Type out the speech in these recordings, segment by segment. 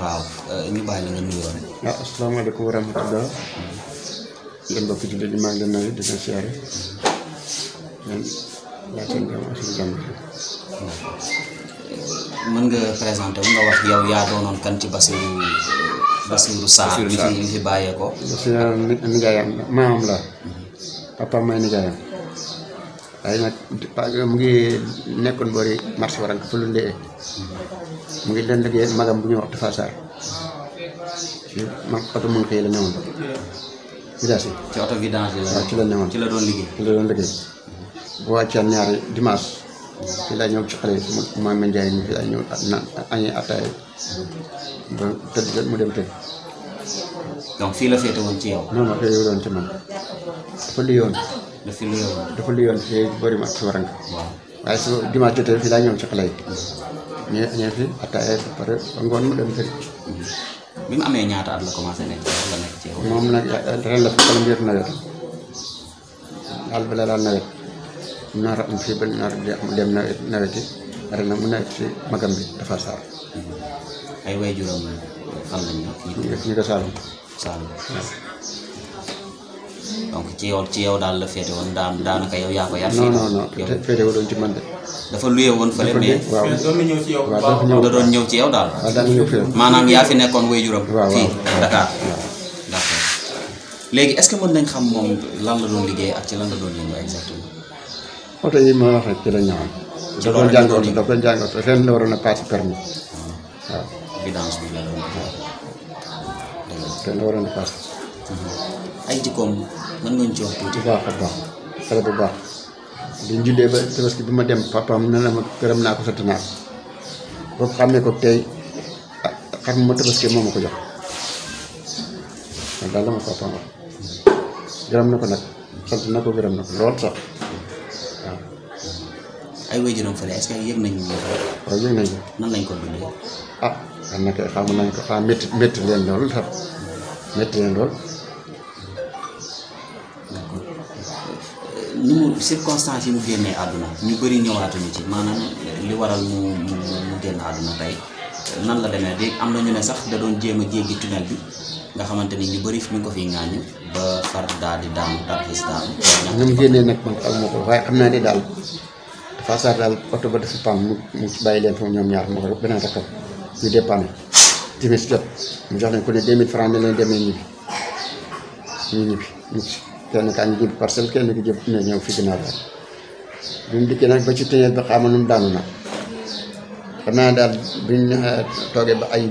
waaw ñu bàyyi la nga nuyoo rek. waaw asalaamaaleykum wa rahmatulah. bapak mbokk jullit maa ngi leen dan di leen siyaare. man laa seen jàmm ak seen jàmm. mën nga kan ci Basiru Basiru Sarr mi papa may nijaayam waaye nag mu ngi nekkoon bori marché warank fa lu ndee mu ngi leen liggéey magam bu ñuy wax Tafa Sarr ci ma oto mun sih yi la newoon village yi ci oto vidange waaw ci la newoon ci la doon liggéey ci la doon liggéey bu wàccee ñaari dimanche ci laa ñëw ci xale yi ma ma fi na añee ataay ba tëdd mu dem tëdd donc fii la féete woon ci yow non non féete woon ci man fa li yoon dafa luyoon fii boori ma fi waranga waaye su dimanche jotee fii laa ñëw ci xale yi ñu mm-hmm. ñëw fi ataaya ba pare ba ngoon mu dem kër mm-hmm. bi mu amee ñaata at la commencé moom nag ren la fi kanam yëpp nawet daal bala laal nawet naar am fii ba naar dem nawet yi ren nag mu nawet ci magam bi dafa saar mm-hmm. ay waajuram fan lañ donc ci yow ci yow daal la féete woon daan daanaka yow yaa ko yar. fii non doon ci man de. dafa luye woon fële mais. waaw waaw da doon ñëw ci yow daal. waaw daan ñëw maanaam yaa fi nekkoon waajuram. waaw fii Dakar. d'accord léegi est-ce que nañ xam moom lan la doon liggéey ak ci lan la doon yëngu exactement. oto yi ma wax rek ci la ci la ñu doon jàngoon da doon jàngoon te waroon a paase permi ah. waaw vidange bi la doon. waaw a paase. ay jikkoom mën nga ñu ci wax tuuti. bu baax a baax xale bu baax bi ñu jullee ba ma dem papaam ne la ma gërëm naa ko sant naa ko boobu xàmmee ko tey ah, xar mu ko jox loolu daal la gërëm na ko nag na ko gërëm na ko lool sax waaw. ay waajuram ko. waaw ah, xam na kay xam nañ ko ah métti métti leen lool métti leen lool. ni mu circonstances yi mu génnee àdduna ñu bëri ñëwaatuñu ci maanaam eh, li waral mu mu mu génn àdduna tey eh, nan la demee léegi am na ñu ne sax da doon jéem a jéggi tunnel bi nga xamante ni ñu bëri fi ñu ko fi ŋaañu ba far daal di daanu tarxis daanu. ni mu génnee waaye xam naa ne daal dafa sax daal oto ba dafa pam mu mu bàyyi leen foofu ñoom ñaar moo ko beneen rakkam ñu dépanné timis jot mu jox leen ku ne 2000 francs ne leen demee ñibbi ñu ñibbi ñibbi. kenn kaa ngi parcel kenn ki jëm ne ñëw fi ginnaaw daal bi mu nak ba ci téye ba xamal nu daanu na xam naa daal bi ñu eh, toogee ba ay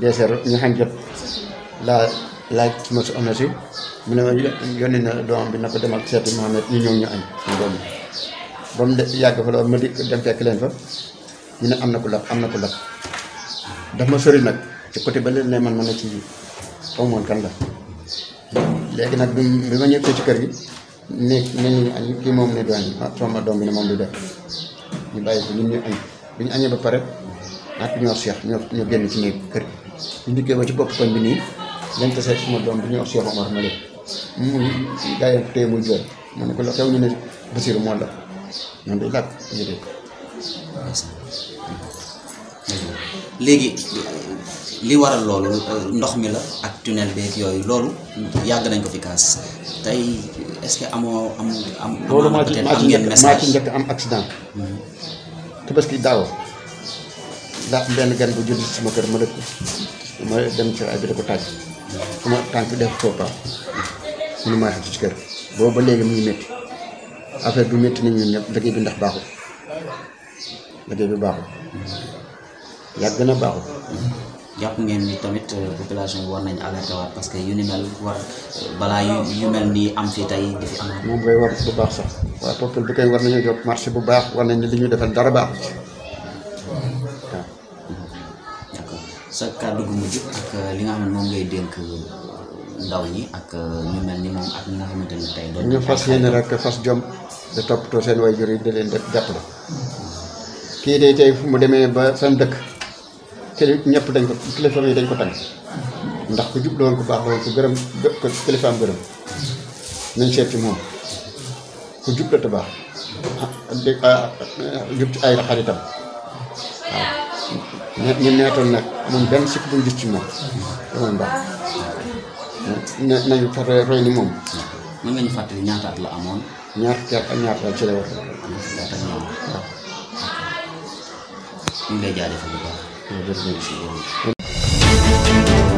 deseer ñu xam jot la laaj ma si amati mu ne ma yónni na doom bi nako demal seeti mohammed ñu ñëw ñu añ doom bam mu de yàgg fa loolu ma di dem fekk leen fa ñu ne amna ko ku amna ko na dama sori nak ci côté ba leen ne man ma ci xaw kan la léegi nag bi bi ma ñëwee ci kër gi ne ne ñu añ kii moom ne du añ sama ah, bi ne moom du def ñu bàyyi ko ñun ñu añ bi ñu añee ba pare ak ñu wax Cheikh ñu ñu génn ci néeg kër gi. ñu dikkee ba ci bopp koñ bi nii lañ tasee sama doom bi ñu wax Cheikh Omar ma leen mu gaa yi muy jooy mu ne ko la xew ñu ne Basiru moo la ñun day làkk ñu dégg. léegi li waral loolu ndox mi la ak tunnel beeg yooyu loolu yàgg nañ ko fi kaas tey est-ce que amoo am am. loolu maa ci maa am accident. Mhm. tabaski daaw laa benn gan bu judd suma kër ma dëkk ma dem ci ay bi da ko tàcc sama tànk def faux pas mënu maa xam ci kër boobu ba léegi mu ngi métti affaire metti métti nañ ñun ñëpp bi ndax baaxul liggéey bi baaxul. yàgg na baaxul. jàpp ngeen ni tamit euh, population war nañ alerter wat parce que yu ni mel war euh, bala yu mel ni am fi tay di fi amaat. moom koy war bu baax sax wa peuple bu kay war nañu jóg marché bu baax war nañ li ñu defal dara baax ci. ka dug mu kàddu ak euh, li nga xamne mom ngay denk ndaw ñi ak ñu mel ni mom ak nga xamne ne tay do ñu fas yene rek fas jom de toppatoo seen waajur yi de len def japp la ki day tay fu mu deme ba sen dëkk. kilifa ñëpp dañ ko kilifa yi dañ ko tànk ndax ku jub loolu ku baax loolu ku gërëm ko kilifaam gërëm nañ seet ci moom ku jub la te baax jub ci ay xaritam waaw neetoon nag moom benn sikk buñ gis ci moom moom baax ne nañu fexe roy ni moom mën nga ñu fàttali ñaata at la amoon ñaat fukki at ak la war ñu ngi lay jaajëfal bu baax 我这这种情况。